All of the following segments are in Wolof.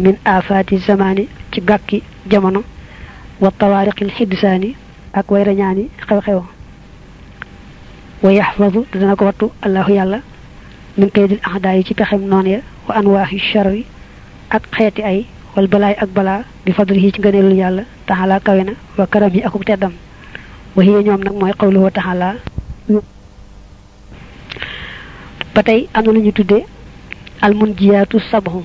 min afaati zamani ci gàkki jamono wa tawaariqil xiddisaani ak way rañaani xew-xew wa yaxfadu te dana ko wattu allahu yàlla min kaydil ahdaa yi ci pexem noon ya wa anwaaxi charri ak xeeti ay wal balaay ak balaa bi fadlihi ci ngëneelu yàlla taxalaa kawe na wa karam yi akuk teddam wa hiya ñoom nag mooy qawluhu taxalaa ba tey am na lu ñu tudde almunjiyaatu sabhu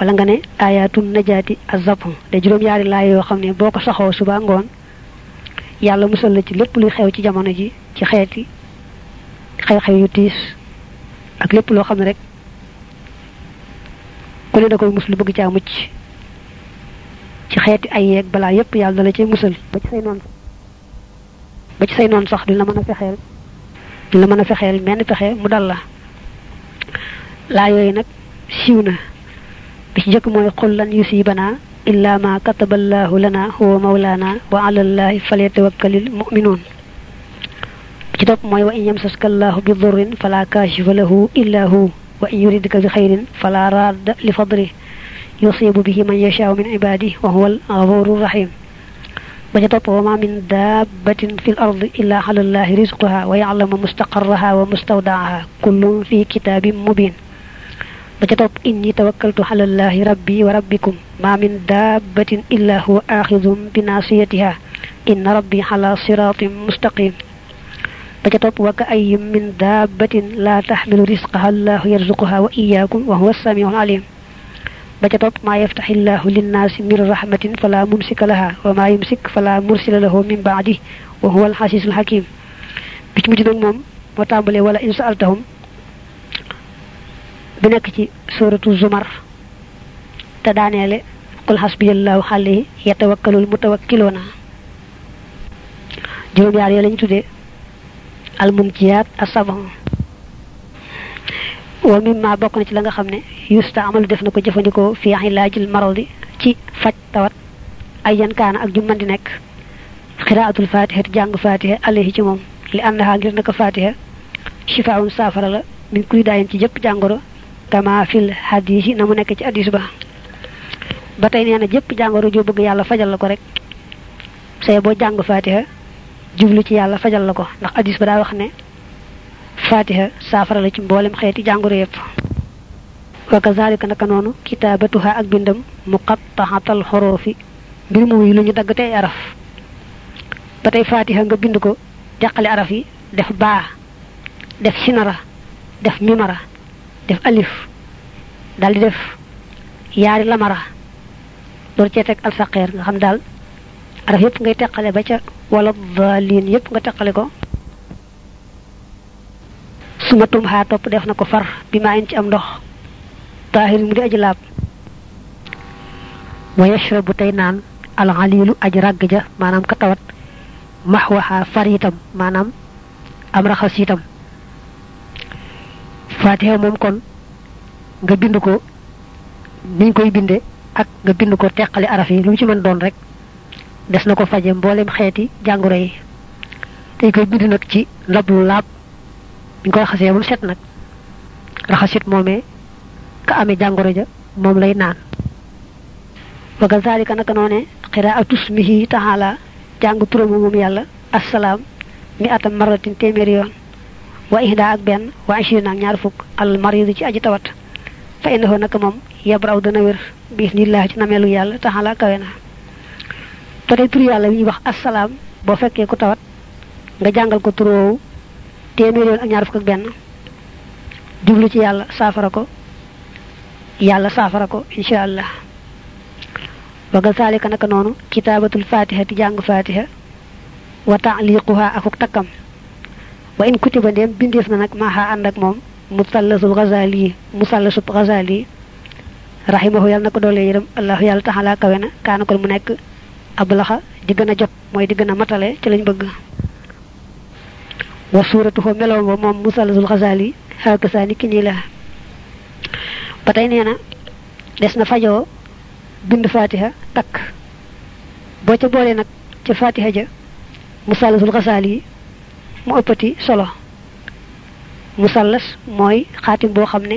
wala nga ne ayatul najaati azab de juróom-yaari laay yoo xam ne boo ko saxoo suba ngoon yàlla musal la ci lépp luy xew ci jamono ji ci xeeti xew-xew yu tiis ak lépp loo xam ne rek ku ne da koy muslu bëgg caa mucc ci xeeti ay yeeg balaa yépp yàlla la cay musal ba ci say noon ba ci say noon sax du la mën a fexeel du la mën a fexeel menn pexe mu dal la laa yooyu nag siiw na bi ci jëkk mooy xul lan yusibanaa illa ma kataballahu lana huwa mawlana wa alallahi falyatawakkalil mu'minuun ci topp mooy wa in yamsaska allahu bi durrin fala kaashifa lahu illa hu wa in yuridka bi xayrin fala raadda li fadli yusibu bihi man yashaau min ibadihi wa huwa al ghafuru rahim ba ca topp wa ma min dabbatin fi l ardi illa ala allahi rizquha wa ya'lamu mustaqarraha wa mustawdaaha kullun fi kitaabin mubin ba ca topp inni tawakkaltu ala llahi rabbi wa rabbikum ma min dabbatin illa huwa axidum bi nasiyatiha inna rabbi ala siratin mustaqim ba ca topp wa ka ayyin min dabbatin la taxmilu risqaha allahu yarzuquha wa iyaakum wa huwa samiun alim ba ca topp maa yaftaxi llahu linnaasi min rahmatin fala mumsika laha wa maa yumsik fala mursila lahu min baadi wa huwa alxasisul xakim bi ci mujj nag moom moo tàmbalee wala in saaltahum bi nekk ci suratu zumar te daaneele la qul hasbiyallahu alayhi yatawakkalul mutawakkiluuna juróom-yaar yooyu lañu tuddee almumkiyaat asabon wa mimma bokk na ci la nga xam ne yusta amalu def na ko jëfandikoo fi ilaajil di ci faj tawat ay yan kaana ak ju mën di nekk xiraatul fatiha te jàng fatiha alayhi ci moom li àndaxaa ngir naka fatiha shifaawun saafara la min kuy daayin ci jëpp jàngoro kama fil hadis yi na mu nekk ci hadis ba ba tey nee na jëpp jàngoro joo bëgg yàlla fajal la ko rek say boo jàng fatiha jublu ci yàlla fajal la ko ndax hadis ba daa wax ne fatiha saafara la ci mboolem xeeti jàngoro yëpp wa kazalika naka noonu kitaabatuha ak bindam muqattaxatal xoroofi mbir moomu lu ñu dagg tey araf ba tey nga bind ko jàqale araf yi def baa def sinara def mimara def alif daal di def yaari lamara loolu cee teg alsaqeer nga xam daal araf yépp ngay teqale ba ca wala liin yépp nga teqale ko su ma tum xaa topp def na ko far bi maa in ci am ndox taahir mu di aji laab wa bu tey naan alxaliilu aj ragg ja maanaam ka tawat maxwaxaa far itam maanaam am raxas itam fatiha moom kon nga bind ko niñ koy bindee ak nga bind ko teqali araf yi lu mu ci mën doon rek des na ko faje mboolem xeeti jàngoro yi dañ koy bind nag ci ndab lu laab ñu ko raxasee ba set nag raxasit moomee ka amee jàngoro ja moom lay naan wa kazalika naka noone qiraatu ismihi taala jàng turamu moom yàlla assalaam mi atam maratin téeméeri yoon wa ihda ak benn wa ashirina ak ñaar fukk al marid ci aji tawat fa indahu naka moom yabraw dana wér bismillah ci nameelu yàlla taxala kawe na tur yàlla wi ñuy wax asalaam boo fekkee ku tawat nga jàngal ko turoowu téeméer ak ñaar fukk ak benn jublu ci yàlla saafara ko yàlla saafara ko incha allah waga saalika naka noonu kitaabatul fatiha ti jàng fatiha wa taaliquha akuk takkam waa in kutiba ndéem bindeef na nag maaxaa ànd ak moom musallasul Ghazali mu musallasub Ghazali yi rahimahu yàlla na ko doole yërëm allahu yàlla taxalaa kawe na kaana kon mu nekk ab laxa di gën a jot mooy di gën a matale ci lañ bëgg wa suuratuhu meloom ba moom musallasul Ghazali yi xaakasaa ni ki nii la ba nee na des na fajoo bind fatiha takk boo ca boolee nag ca fatiha ja musallasul Ghazali yi mu ëppati solo musallas mooy xaatim boo xam ne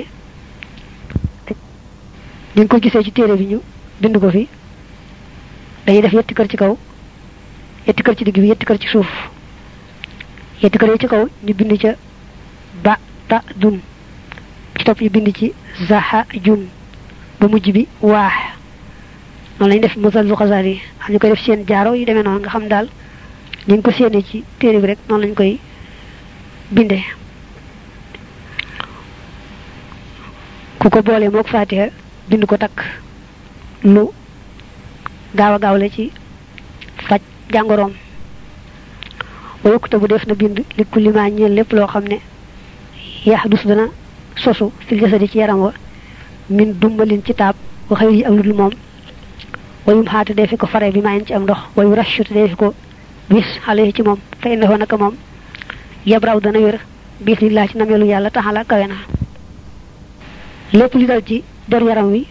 ñu ngi ko gisee ci téere bi ñu bind ko fi dañuy def yetti kër ci kaw yetti kër ci digg bi yetti kër ci suuf yetti kër yi ci kaw ñu bind ca ba ta dun ci topp ñu bind ci zaha jun ba mujj bi waax noonu lañu def musal lu xasaar yi xam ñu koy def seen jaaro yu demee noonu nga xam daal niñ ko séenee ci téere bi rek noonu lañ koy bindee ku ko boolee mook faatiha bind ko takk lu gaaw a gaaw la ci faj jàngoroom ba yokkute bu def na bind li ku limaa ñeel lépp loo xam ne yaxdus dana sosu fil jasadi ci yaram wa min dumbalin ci taab waxee yi ak lu dul moom wayum xaate dee fi ko fare bi maayin ci am ndox wayu rashu te dee fi ko bis xale yi ci moom fay na naka moom yab raw dana wér bis ni laa ci nameelu yàlla taxala kawe na lépp li dal ci der yaram wi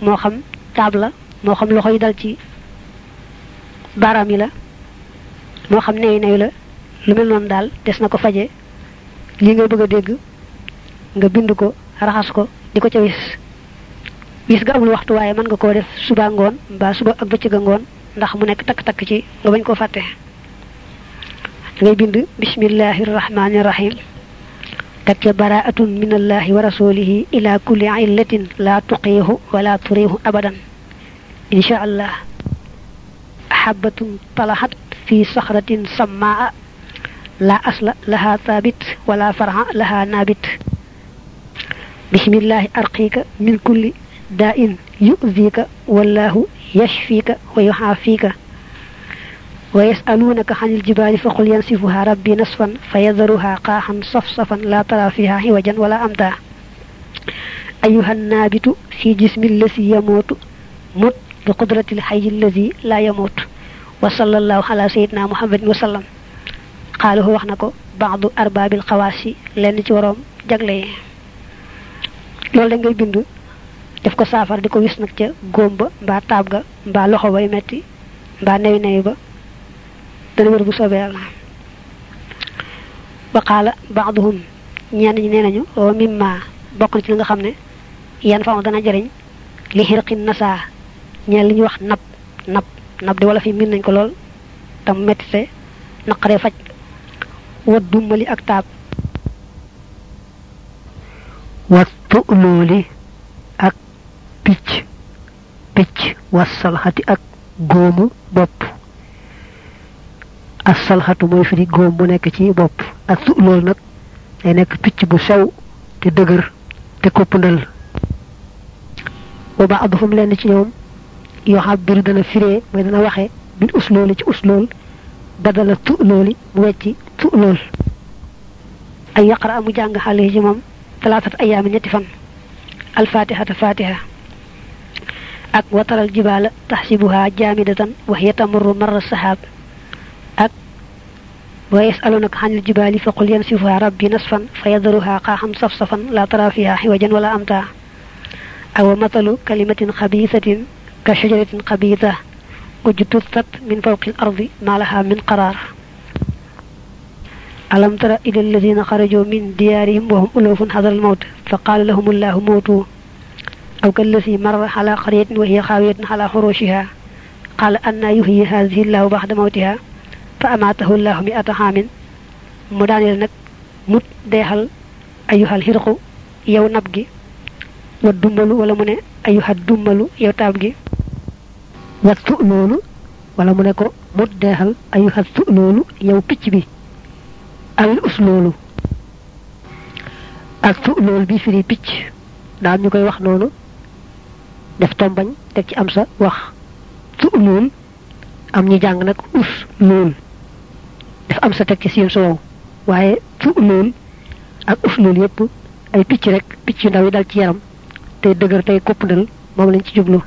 moo xam taab la moo xam loxo yi dal ci baaraam yi la moo xam neew neew la lu mel noonu daal des na ko faje li ngay bëgg a dégg nga bind ko raxas ko di ko ca wis wis ga amul waxtu waaye mën nga koo def suba ngoon mbaa suba ak bëccëg ngoon ndax mu nekk takk-takk ci nga bañ koo fàtte ngay bind bismillahi rahmaani rahim teg ca baraatun minallahi wa rasulihi ila kulli illatin laa tuqiihu wala turiihu abadan insha allah habatun talahat fi saxratin sammaa la asla laha taabit wala farha laha naabit bismillahi arqiika min kulli daa in yu'diika wallahu yashfiika wa yuxaafiika wa yasaluunaka xanil jibaali fa qul yansifuha rabbi nasfan fa yadaruha qaaxan safsafan laa tara fiha xiwajan wala amta ayuhan naabitu fi jismi llasi yamootu mut bi qudrati lxayi lladi laa yamootu wa sallallahu sayidna muhammadin wa sallam xaalahu wax na ko baadu arbaabil xawaas yi lenn ci waroom jagle yi loolu da ngay bind def ko saafara di ko wis nag ca góom ba mbaa taab ga mbaa loxo bay metti mbaa newi newi ba dana wér bu soobee yàlla wa ñi nee nañu wa mimma bokk na ci li nga xam ne yan faw dana jëriñ li xirqin nasaa ñeen li ñuy wax nab nab nab di wala fi miin nañ ko lool tam mettite naqaree faj wat dummali ak taab wat tulooli ak picc picc was salxati ak góomu bopp asalxatu mooy firi góom bu nekk ci bopp ak su loolu nag day nekk picc bu sew te dëgër te koppandal boobaa ab fam lenn ci ñoom yoo xam biir firee mooy dana waxe bil uslooli ci uslool badala tu looli mu wecci tu lool ay yaqara amu jàng xale yi ci moom talaatat ayaami ñetti fan alfatihata fatiha ak wataral jibaala taxsibuha jaamidatan wax ya tamurru marra sahaab wa yasalunaka anil jibaali faqul yansifuha rabbi nasfan fa yadaruha qaaxam safsafan laa tara fiha xiwajan wala amta awa matalu kalimatin xabiisatin ka shajaratin xabiisa ujtusat min fawqi l ardi maa laha min qaraar alam tara ila alladina xarajoo min diyaarihim wa hum ulufun hadar al mawt fa qaala lahum allahu mawtu aw kallasi marra ala qaryatin wa hiya xaawiyatin ala xurushiha qaala anna yuhyi hadihi llahu baxda mawtiha fa amaatahu llahu mi ata xaamin mu daaneel nag mut deexal ayuhal xirqu yow nab gi wa dumbalu wala mu ne ayuhal dumbalu yow taab gi wa su loolu wala mu ne ko mut deexal ayuhal su loolu yow picc bi al us loolu ak su loolu bi firi picc daal ñu koy wax loolu def tombañ teg ci am sa wax su lool am ñu jàng nag us lool dafa am sa tekki siin soow waaye fu noonu ak uf noonu yëpp ay picc rek picc yu ndaw yi dal ci yaram tey dëgër tey kopp dal moom lañ ci jublu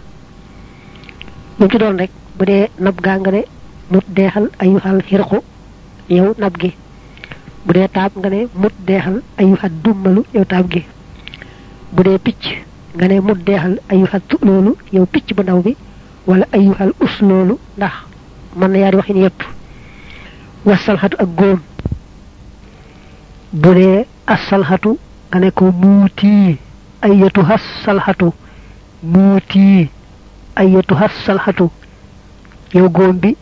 mu ci doon rek bu dee nab gaa nga ne mut deexal ayu xal xirqu yow nab gi bu dee taab nga ne mut deexal ayu xat dummalu yow taab gi bu dee picc nga ne mut deexal ayu xat tu loolu yow picc bu ndaw bi wala ayu xal us loolu ndax mën na yaari waxin yëpp wasalxatu ak góom bu dee asalxatu nga ne ko muutii ayatu has salxatu salxatu yow góom bi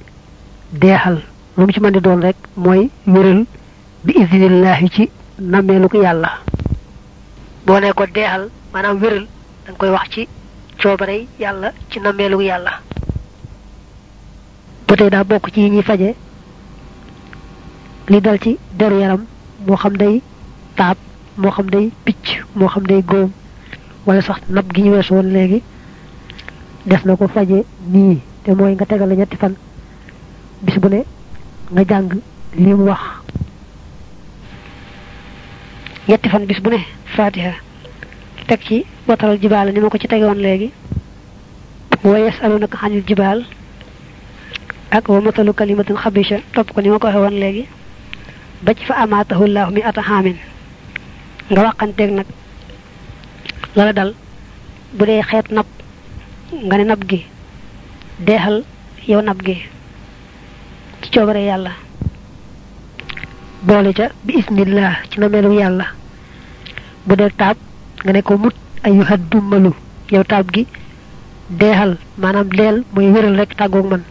deexal lu ci mën di doon rek mooy wéral bi idnillaahi ci nammeelu yàlla boo ne ko deexal maanaam wéral dañ koy wax ci coobarey yàlla ci nammeelu yàlla ba tey daa faje li dal ci deru yaram moo xam day taab moo xam day picc moo xam day góom wala sax nab gi ñu weesu woon léegi des na ko faje nii te mooy nga tegal la ñetti fan bis bu ne nga jàng li wax ñetti fan bis bu ne fatiha teg ci wataral jibaal ni ma ko ci tege woon léegi wa yasalunaka xanil jibaal ak wa matalu kalimatin xabisha topp ko ni ma ko waxee woon léegi ba ci fa amaatahu llaahu mi ata xaamin nga waxanteeg nag lala dal bu dee xeetu nab nga ne nab gi deexal yow nab gi ci coobare yàlla boole ca bi ci na melu yàlla bu dee taab nga ne ko mut ayuha dummalu yow taab gi deexal maanaam leel mooy wéral rek tàggoog man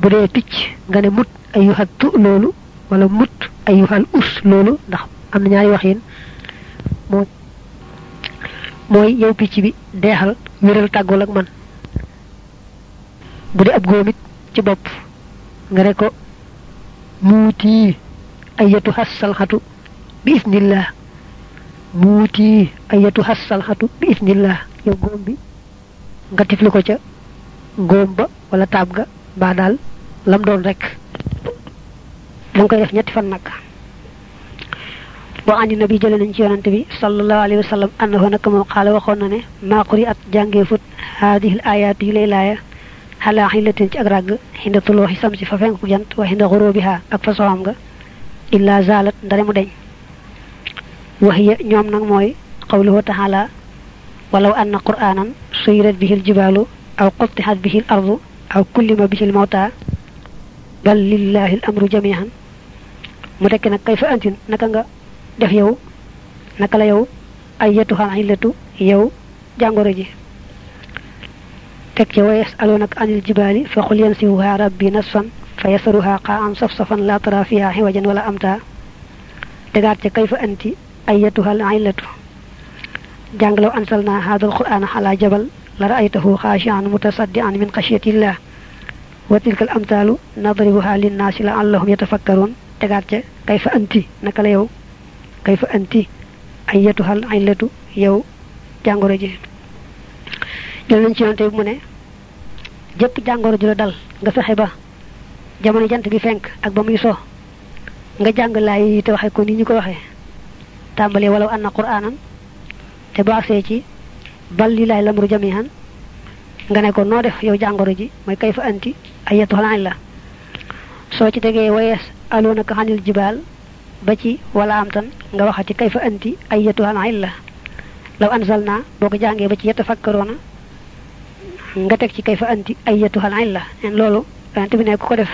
bu dee picc nga ne mut ayuha tu loolu wala mut ayuhal us loolu ndax am na ñaari wax mooy yow picc bi deexal wéral tàggool ak man bu dee ab góomit ci bopp nga ne ko muuti ayatu hassalxatu bi isnillah muuti ayatu hassalxatu bi isndillah yow góom bi nga tifli ko ca góom ba wala taab ga mbaa daal lam doon rekk mu koy def ñetti fan nag wa andi nabi jële nañ ci yonante bi sallallahu alayhi wa sallam annahu nag moom xaala waxoon na ne maaquri at jàngee fut haadihil ayaat yu lay laaya xalaa xilatin ci ak ràgg xinda tulooxi sam si fa fenku jant wa xinda xuróobiha ak fa soxam nga illa zalat ndare mu deñ waxiya ñoom nag mooy qawluhu taala walaw anna qur'aanan suyirat bihil jibaalu aw quttihat bihil ardu aw kullima bihil mawta bal lillahi al amru jamian mu tekki nag kay fa antin naka nga def yow naka la yow ay yetu xan illatu yow jàngoro ji teg ca wayes aloon ak anil jibaali fa xul yan siwuhaa rabbi nasfan fa yasaruhaa xaa an saf-safan laa tara fiha xiwajan wala amta tegaat ca kay fa anti ay yetuhal illatu jàngalaw ansal naa haadal qur'aana xalaa jabal la ra'aytahu xaashian mutasaddian min xashiyatillah wa tilkal amtaalu nadribuha linnaasi la allahum yatafakkaruun tegaat ca kay fa anti naka la yow kay fa anti ay yetu xal ay letu yow jàngoro ji jël nañ ci yonte bi mu ne jëpp jàngoro ji la dal nga fexe ba jamono jant bi fenk ak ba muy so nga jàng laay te waxe ko ni ñu ko waxee tàmbalee walaw anna qur'aanan te bu agsee ci bal lillahi lamru jamihan nga ne ko noo def yow jàngoro ji mooy kay fa anti ay yetu xal ay la soo ci degee wayees aloonaka xanil jibaal ba ci wala am tan nga waxati kayfa anti ay yetuhan illa law anzalna boo ko jàngee ba ci yatafakkaroona nga teg ci kayfa anti ay yetuhan illa en loolu yonent bi ne ku ko def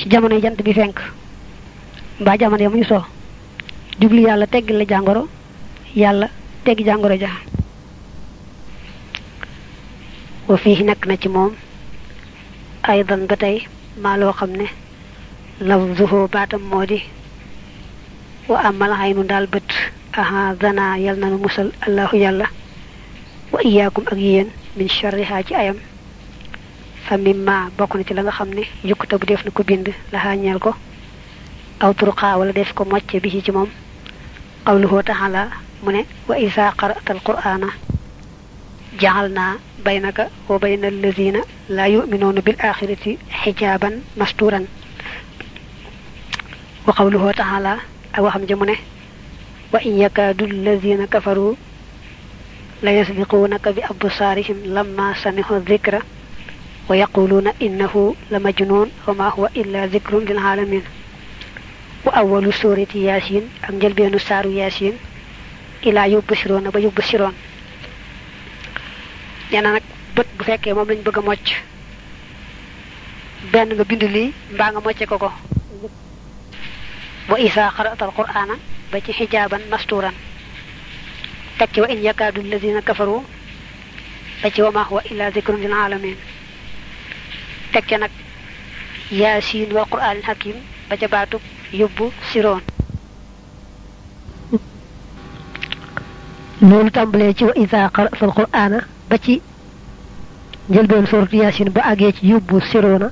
ci jamono jant bi fenk mbaa jamono ya soo jubli yàlla teggil la jàngoro yàlla teggi jàngoro ja wa fii nekk na ci moom aydan ba tey maa loo xam ne lafzuhu baatam moo di wa amal aynu daal bët aha dana yal nanu musal allahu yàlla wa iyaakum ak yéen min sharriha ci ayam fa mimma bokk na ci la nga xam ne yukkuta bu def na ko bind laxaa ñeel ko aw turqaa def ko mocce bi ci moom qawluhu taala mu ne wa isa qara'ta al qur'ana jaxal naa baynaka wa bayna allazina laa yuminuuna bil axirati xijaaban mastuuran wa qawluhu taala ak waxam ja mu ne wa in yakaadu allazina kafaru la yasbiquunaka bi absaarihim lamma samihu dikra wa yaquluuna innahu la majnuun wa ma huwa illa dikrun lil aalamin wa awalu suurati yaasin ak njëlbeenu saaru yaasin ilaa yubsiroona ba yubsiroon nee na nag bët bu fekkee moom lañ bëgg a mocc benn nga bind lii mbaa nga mocce ko ko wa isa xaratal qur'ana ba ci xijaaban masturan teg ci yakaadu alladina kafaru ba ci wa ma huwa illa zikrun lil alamin teg ci nag yaasiin wa qur'aanil hakim ba ca baatub yóbbu siroon loolu tàmbalee ci wa isa xaratal qur'ana ba ci njëlbeen sooratu yaasin ba àggee ci yóbbu siroona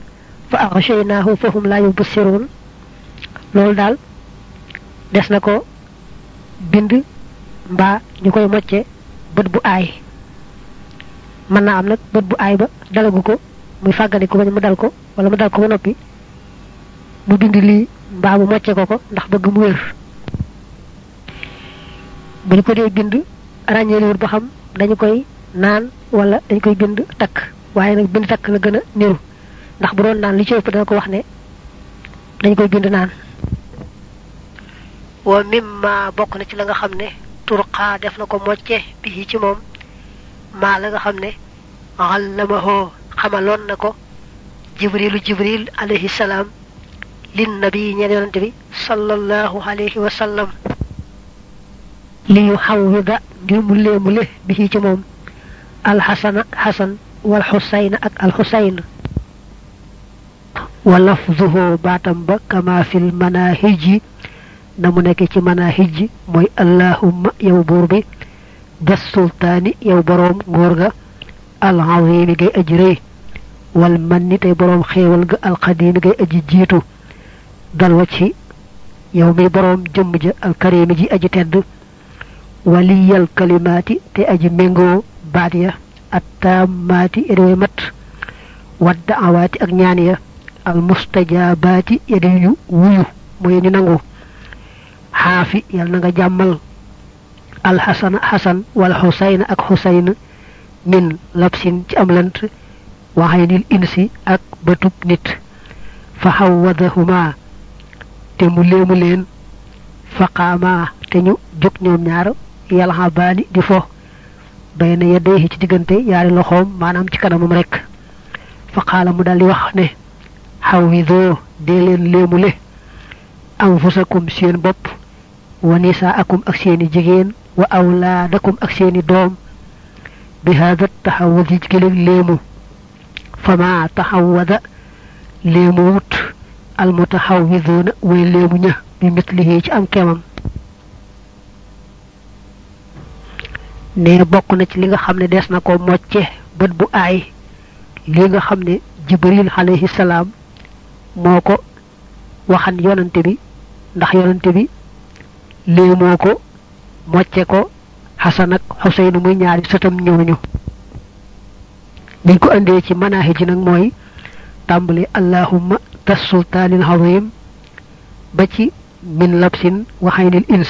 fa axshaynahum fa hum laa yubsiruun loolu daal des na ko bind mbaa ñu koy mocce bët bu aay mën naa am nag bët bu aay ba dalagu ko muy fàggani ko bañ mu dal ko wala mu dal ko ba noppi mu bind lii mbaa mu mocce ko ko ndax bëgg mu wér bu ñu ko dee bind ràññeeliwut ba xam dañu koy naan walla dañ koy bind takk waaye nag bind takk la gën a niru ndax bu doon naan li ci ëpp dana ko wax ne dañ koy bind naan wa mimma bokk na ci la nga xam ne turqaa def na ko mocce bi ci moom maa la nga xam ne xallamahoo xamaloon na ko jibrilu jibril alayhi salaam lin nabi ñeen yonante bi sallallahu alayhi wa sallam li yu xawwida ngir mu léemule bi ci moom alxasan ak xasan baatam ba kama fil manahiji na mu nekk ci manahiji mooy allahumma yow buur bi des sultaani yow boroom nguur ga alazimi gay aji rëy wal man ni boroom xéewal ga alxadiimi gay aji jiitu dal wa ci mi boroom jëmm ja alkarimi ji aji tedd waliyal kalimaati te aji méngoo baat ya attaamaati ya day mat wadda awaati ak ñaan ya al mustajaabaati ya day wuyu mooy ñu nangu xaafi yal na nga jàmmal al xasana xasan wala xusayna ak xusayna min labsin ci am lant waxay nil insi ak bëtub nit fa xawadahuma te mu léemu leen faqaamaa te ñu jóg ñoom ñaar yalxabaani di fo bay na yeddee ci diggante yaari loxoom maanaam ci kanamam rek fa xaala mu daldi wax ne xawidoo dee leen léemule anfusakum seen bopp wa ak seeni jigéen wa awlaadakum ak seeni doom bi haada taxawudi gi leen léemu fama taxawada léemu wut almutaxawidoona way léemu ña bi mitlihi ci am kemam ne bokk na ci li nga xam ne des na ko mocce bët bu ay li nga xam ne jibril alayhi salaam moo ko waxan yonante bi ndax yonante bi lii moo ko mocce ko xasan ak xuseyn muy ñaari sëtam ñooñu biñ ko andee ci manaaxi ji nag mooy tàmbali allahumma tas sultaanil azim ba ci min labsin waxaynil ins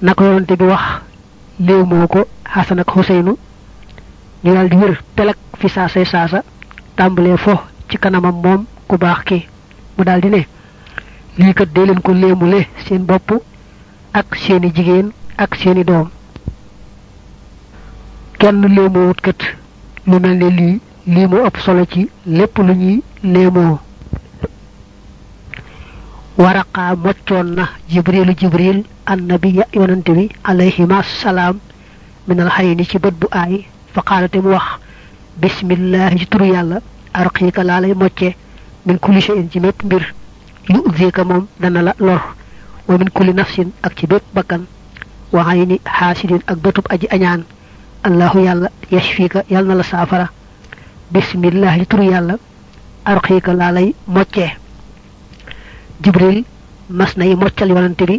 naka yonante bi wax néew moo ko xasan ak xuseynu ñu daal wér pelak fi saasay saasa tàmbalee fo ci kanamam moom ku baax ki mu daldi di ne lii kat dee leen ko léemule seen bopp ak seeni jigéen ak seeni doom kenn léemoowut kat lu mel ne lii lii mu solo ci lépp lu ñuy léemoo waraqaa moccoon na jibrilu jibril annabiya yonante bi alayhima salaam minal xay ni ci bët bu aay fa xaalate mu wax bismillaahi ci turu yàlla arqiika laa lay mocce min kulli shay'in ci mépp mbir yu udika moom dana la lor wa min kulli nafsin ak ci bépp bakkan wa ayni xaasidin ak bëtub aji añaan allahu yàlla yashfika yàlla na la saafara bismillah li turu yàlla arqiika laa lay moccee jibril mas nay moccal yonante bi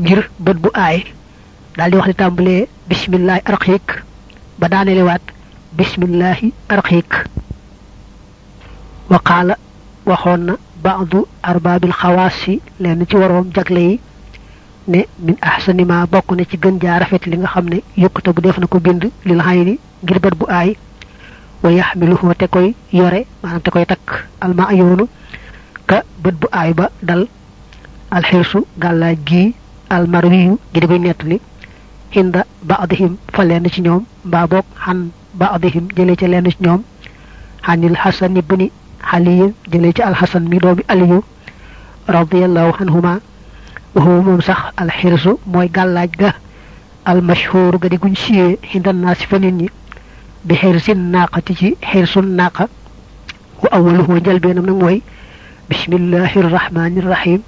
ngir bët bu aay daal di wax di tàmbalee bisimillahi arqiik ba daanelewaat bisimillahi arqiik wa waxoon na baadu arbaabil xawaas yi lenn ci waroom jagle yi ne min ahsanima bokk na ci gën jaa rafet li nga xam ne yokkute bu def na ko bind lil hayni ngir bët bu aay wa yaxmiluhu te koy yore maanaam te koy takk alma ayoonu ka bët bu aay ba dal alxirsu gàllaaj gi almarwiyu gi di koy nettali inda baadihim fa lenn ci ñoom mbaa boog xan baadihim jëlee ca lenn ci ñoom xanil xasan ibni xaliyin jëlee ci alxasan mi doomi aliyu radiallahu anhuma waxuwa moom sax alxirsu mooy gàllaaj ga almashhuur ga di guñ siyee inda naasi fa nit ñi bi xirsin naaqa ti ci xirsun naaqa wa awaluhu njëlbeenam nag mooy bismillahi irrahmani irrahim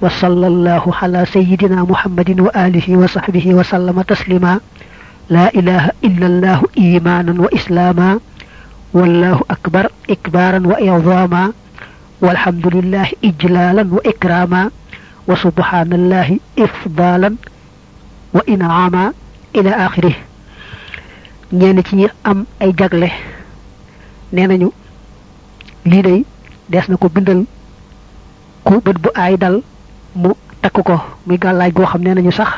wa sallallahu ala sayidina muhammadin wa alihi wa sahbihi wa sallama taslima wa islaama wallahu akbar ikbaaran wa idama walhamdulillahi ijlaalan wa ikraama wa subhaanallahi wa inaama ila axiri ñenn ci am ay jagle nee nañu lii day dees ko bindal ku bët bu ay dal mu takk ko muy gàllaaj goo xam ne nañu sax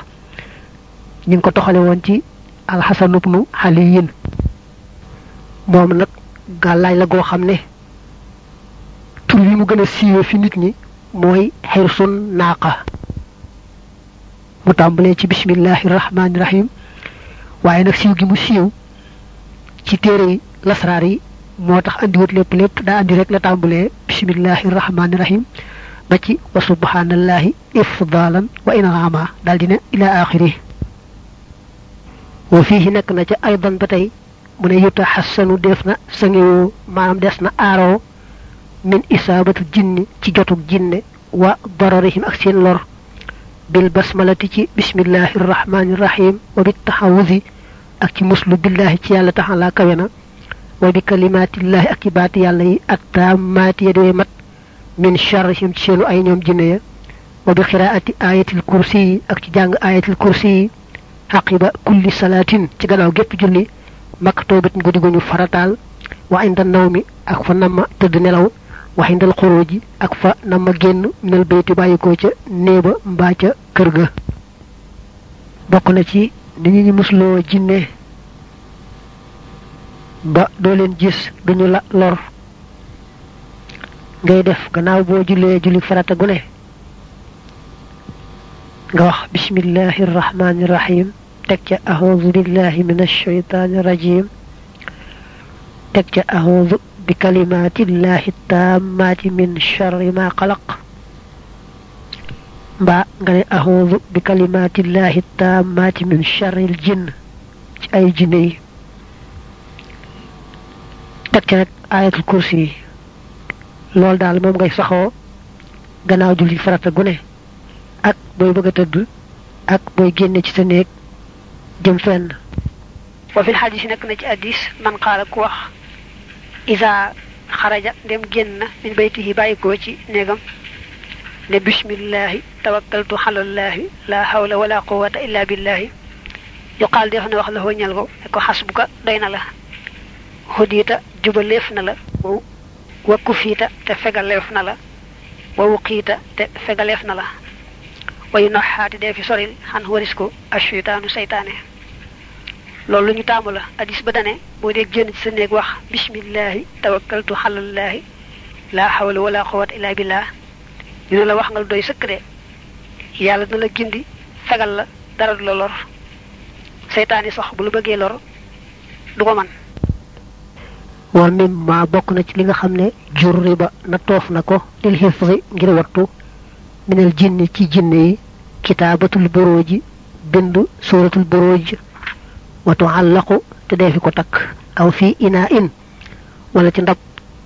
ñu ko toxale woon ci alxasan ibnu aliyin moom nag gàllaaj la goo xam ne tur wi mu gën a siiwe fi nit ñi mooy xirsun naaqa mu tàmbalee ci bismillahi rahmaani rahim waaye nag siiw gi mu siiw ci téere yi lasraar yi moo tax andiwut lépp lépp daa andi rek la tàmbalee bismillahi rahmaani rahim ba ci wa subhanallahi ifdalan wa inalama daal dina ila axiri wa fii nekk na ca aydan ba tey mu ne yuta xassanu def na sangewoo maanaam des na aaroo min isaabatu jinni ci jotug jinne wa dararihim ak seen lor bil basmalati ci bismillahi rahmani rahim ci muslu billahi ci kawe na wa bi kalimaatillahi ak ci baati yàlla yi attaamaati ya dee min sharrihim ci seenu ay ñoom jinne ya wa bi xiraati ayatil kursi yi ak ci jàng ayatil kursi yi aqiba kulli salaatin ci gannaaw gépp julli maktubatin guddi gu ñu farataal wa naw nawmi ak fa nama tëdd nelaw wa indal xuruji ak fa nama génn minal bayti bàyyikoo ca néeba mbaa ca kër ga bokk na ci ni ñu musloo jinne ba doo leen gis duñu la lor ngay def gannaaw boo jullee julli farata gu ne wax bismillahi rahmaani rahim teg ca ahoodu billahi min ashaytaani rajim teg ca ahoodu bi kalimaatillahi taammaati min charri ma xalaq mbaa nga ne ahoodu bi kalimaatillahi taammaati min charril jinn ci ay jinne loolu daal moom ngay saxoo gannaaw julli farata gu ne ak booy bëgg a ak booy génne ci sa néeg jëm fenn wa fil xadis yi nekk na ci addis man xaala ku wax isa xaraja ndem génn na min baytihi bàyyikoo ci néegam ne bismillahi tawakkaltu xalallaahi la hawla wala quwata illa billahi yuqaal def na wax la hoo ñal ko ne ko xas bu ko doy na la hudita jubaleef na la wakku fiita te fegaleef na la wawu xiita te fegaleef na la wayu no xaati dee fi soril xan waris ko ashitaanu seytaane loolu lu ñu taamu la addis ba dane boo de génn ci sa néeg wax bismillahi tawakkaltu xalallaahi laa xawla wala quwwata illaa billah dina la wax nga lu doy sëkk de yàlla dina la gindi fegal la dara du la lor seytaane sax bu la bëggee lor du ko man wa mimma bokk na ci li nga xam ne jurriba na toof na ko lil xifsi ngir wattu minal jinni ci jinne yi kitaabatul borooji bind suratul borooji watu àllaqu te deefi ko takk aw fii ina in wala ci ndab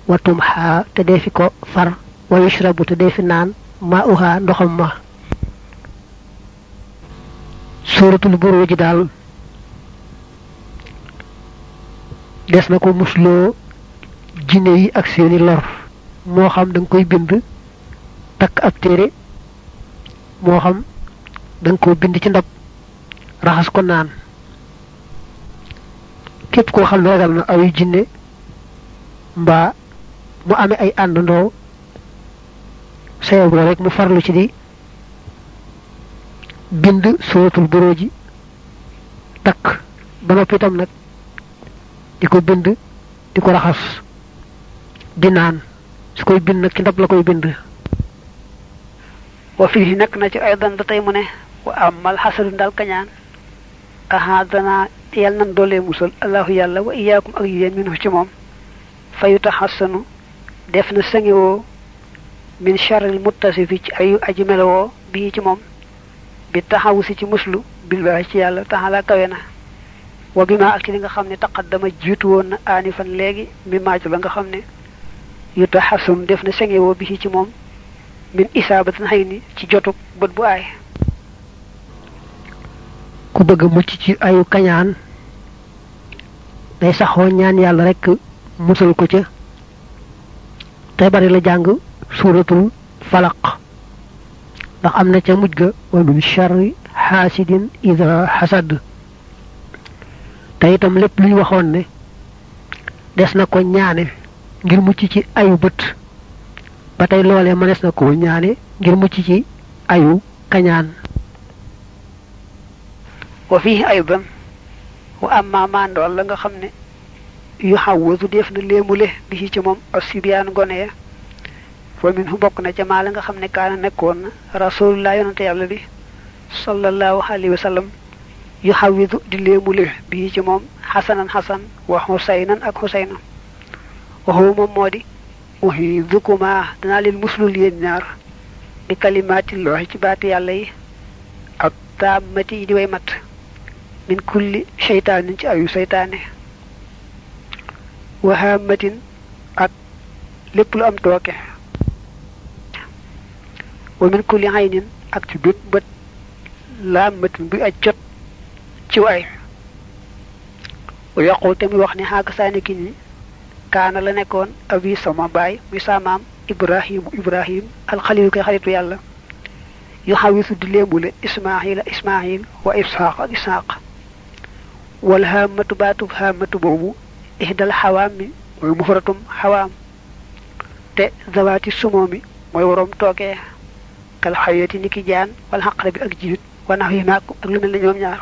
watum xaa te deefi ko far wa yushrabu te deefi naan maa ndoxam ma des na ko musloo jinne yi ak seeni lor moo xam da koy bind takk ab téere moo xam da nga bind ci ndab raxas ko naan képp koo xam ne ragal na awi jinne mbaa mu amee ay àndandoo sayoboo rek mu farlu ci di bind suratul buruji takk ba noppi itam nag di ko bind di ko raxas di naan su koy bind nag ci ndab la koy bind wa fii nekk na ci aydan ba tey mu ne wa amal xasadu ndaal kañaan ahaadana yàlla nan doolee musal allahu yàlla wa iyaakum ak yéen minu ci moom fayuta xasanu def na sangiwoo min charril muttasifi ci ayu aji melowoo bii ci moom bi taxawu si ci muslu billahi ci yàlla taxalaa kawe na wa bi ma ak ci li nga xam ne dama jiitu woon na aani fan léegi mi maaj la nga xam ne yuta xasum def na senge woo bi ci moom min isaabatin xëy ni ci jotuk bët bu aay ku bëgg mucc ci ayu kañaan day saxoo ñaan yàlla rekk musal ko ca tey bari la jàng suuratul falaq ndax am na ca mujj ga wa min sharri xaasidin ida te itam lépp lu waxoon ne des na ko ñaane ngir mucc ci ayu bët ba tey loole ma des na ko ñaane ngir mucc ci ayu kañaan wa fii ayuban wa am mandool la nga xam ne yu xawwatu def na léemule bi ci ci moom asibiyaan gone ya fa min bokk na ca maa la nga xam ne kaana nekkoon na rasulullah yonante yàlla bi sallallahu alayhi wa sallam yu xawidu di léemule bii ci moom xasanan xasan wa xusaynan ak xusayna waxoo moom moo di uhidukumaa danaa leen muslul yéen ñaar bi kalimaati looxi ci baati yàlla yi ak taamati yi di way mat min kulli seytaanin ci ayu seytaane wahaamatin ak lépp lu am tooke wa min kulli aynin ak ci bët bët laamatin buy aj jot ciw ay yokku te muy wax ne xaaka saani ki ni kaana la nekkoon abi sama baay muy saamaam ibrahimu ibrahim alxalilu koy xaritu yàlla yu xawisu di léebule ismaila ismail wa ishaq ak ishaq wal hamatu baatub hamatu boobu ihdal xawaam mi mooy mufratum xawaam te zawaati sumoo mi mooy waroom toogee kal xayati ni ki jaan wala xaqara bi ak jiwit wanax yi maak ak lu mel ne ñoom ñaar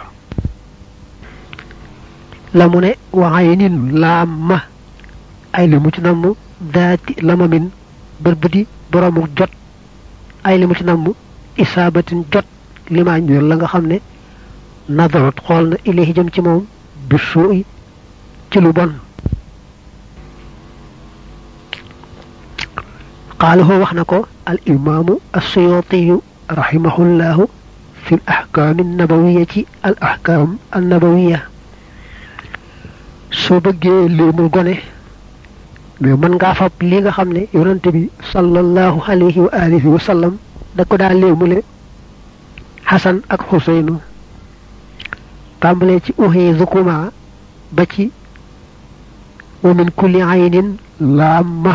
la mu ne wa aynin laama ay li mu ci namm daati lamamin bërbëti boroomu jot ay li mu ci namm isaabatin jot limaa ñeel la nga xam ne nadarat xool na ilayhi jëm ci moom bi suuy ci lu wax na ko al imaamu assiyootiyu rahimahullahu fi al ahkaami al ahkaam soo bëggee léemul gone mais mën ngaa fab li nga xam ne yonante bi sallallahu alayhi wa alihi wa sallam da ko daa léemule xasan ak xuseynu tàmbalee ci uxee zukuma ba ci wa min kulli aynin laamma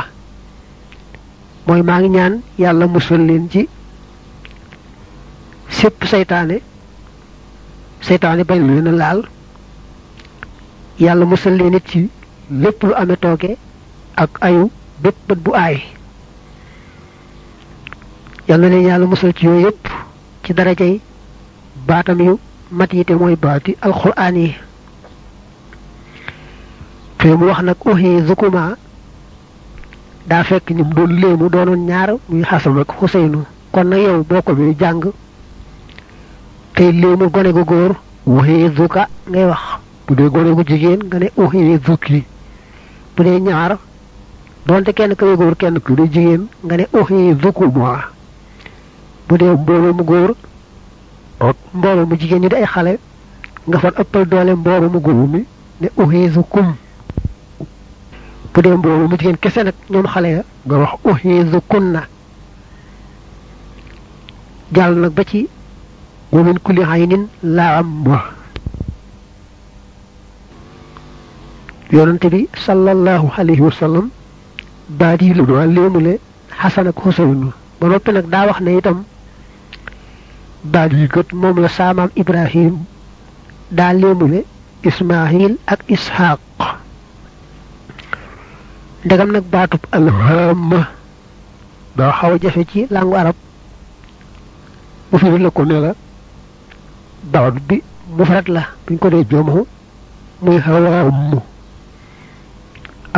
mooy maa ngi ñaan yàlla musal leen ci sépp seytaane seytaane bañ leen a laal yàlla musal leen nit ci lépp lu amee tooge ak ayu bépp bu aay yàlla na yàlla musal ci yooyu yëpp ci darajay baatam yu mat yi te mooy baati alxuraan yi fii mu wax nag uxi zukuma daa fekk ni mu doon léemu doonoon ñaar muy xasan ak xuseynu kon nag yow boo ko bi jàng tey léemu gone gu góor uxi zuka ngay wax bu dee gone jigéen nga ne uxiye zukri bu dee ñaar doonte kenn ka kenn ku dee jigéen nga ne uxiye zukumuha bu dee mbooloo mu góor ak mbooloo mu jigéen ñi di ay xale nga far ëppal doole mbooloo mu góor mi ne uxiye zukum bu dee mbooloo mu jigéen kese nag ñoom xale ya nga wax uxiye zukunna jàll nag ba ci wamin kulli aynin laa am yonante bi sallallahu alayhi wa sallam baadi lu doon léemule xasan ak xusaynu ba noppi nag daa wax ne itam baadi yi gët moom la saamaam ibrahim daa léemule ismaahil ak isxaaq ndegam nag baatub alhamma doo xaw a jafe ci langu arab bu fi la ko ne baat bi mufrad la buñ ko dee joomu muy xawaam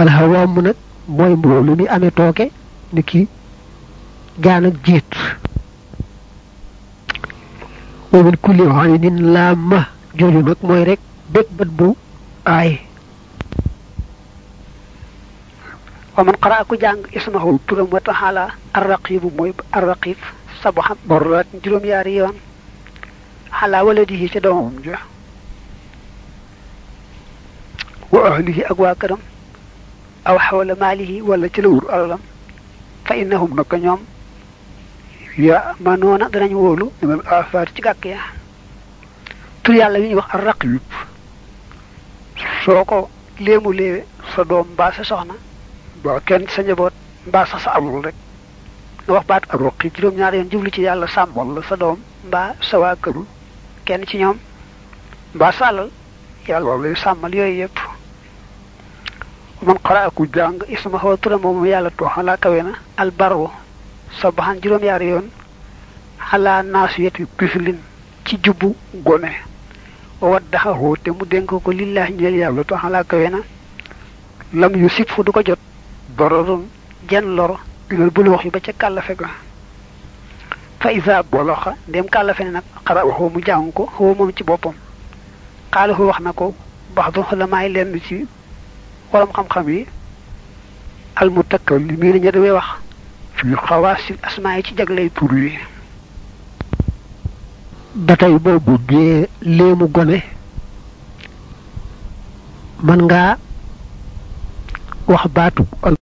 alxawaamu nag mooy mbuur lu muy amee tooke ni gaan ak jiit wa min kulli aynin laama jooju nag mooy rek bët bu aay wa man qaraa ku jàng ismahu turam wa taxaala arraqibu mooy arraqib sabaxa borrat juróom-yaari yoon xalaa waladihi ca doomam ja wa ahlihi ak waa këram aw xawla maalihi wala ci la wur alalam fa innahum naka ñoom ya ma noona danañ wóolu dama afaat ci gàkk ya tur yàlla yi ñuy wax arraq yupp soo ko léemu léewe sa doom mbaa sa soxna boo kenn sa njaboot mbaa sax sa alul rek nga wax baat ak roqi juróom-ñaar yoon jublu ci yàlla sàmmal la sa doom mbaa sa waa këru kenn ci ñoom mbaa sa alal yàlla loolu sàmmal yooyu yëpp man xaraa ku jàng isma xaw turam moom yàlla tooxan laa kawe na albarru juróom-yaari yoon xalaa naasuyet yu pislin ci jubbu gone wa daxaxu te mu dénk ko lillaahi ñeel yàlla tooxan na lam yu sib fu du ko jot dororun jenn lor inal bulu wax yu ba ca kàllafe ga fa isa boloxa kàllafe ne nag xara waxoo jàng ko xoo ci boppam xaala wax na ko bax du xulamaay lenn ci borom xam-xam yi almutakallimin ña damay wax fi xawaasil asmaa yi ci jaglay tur yi ba tey boo buggee léemu gone mën ngaa wax baatu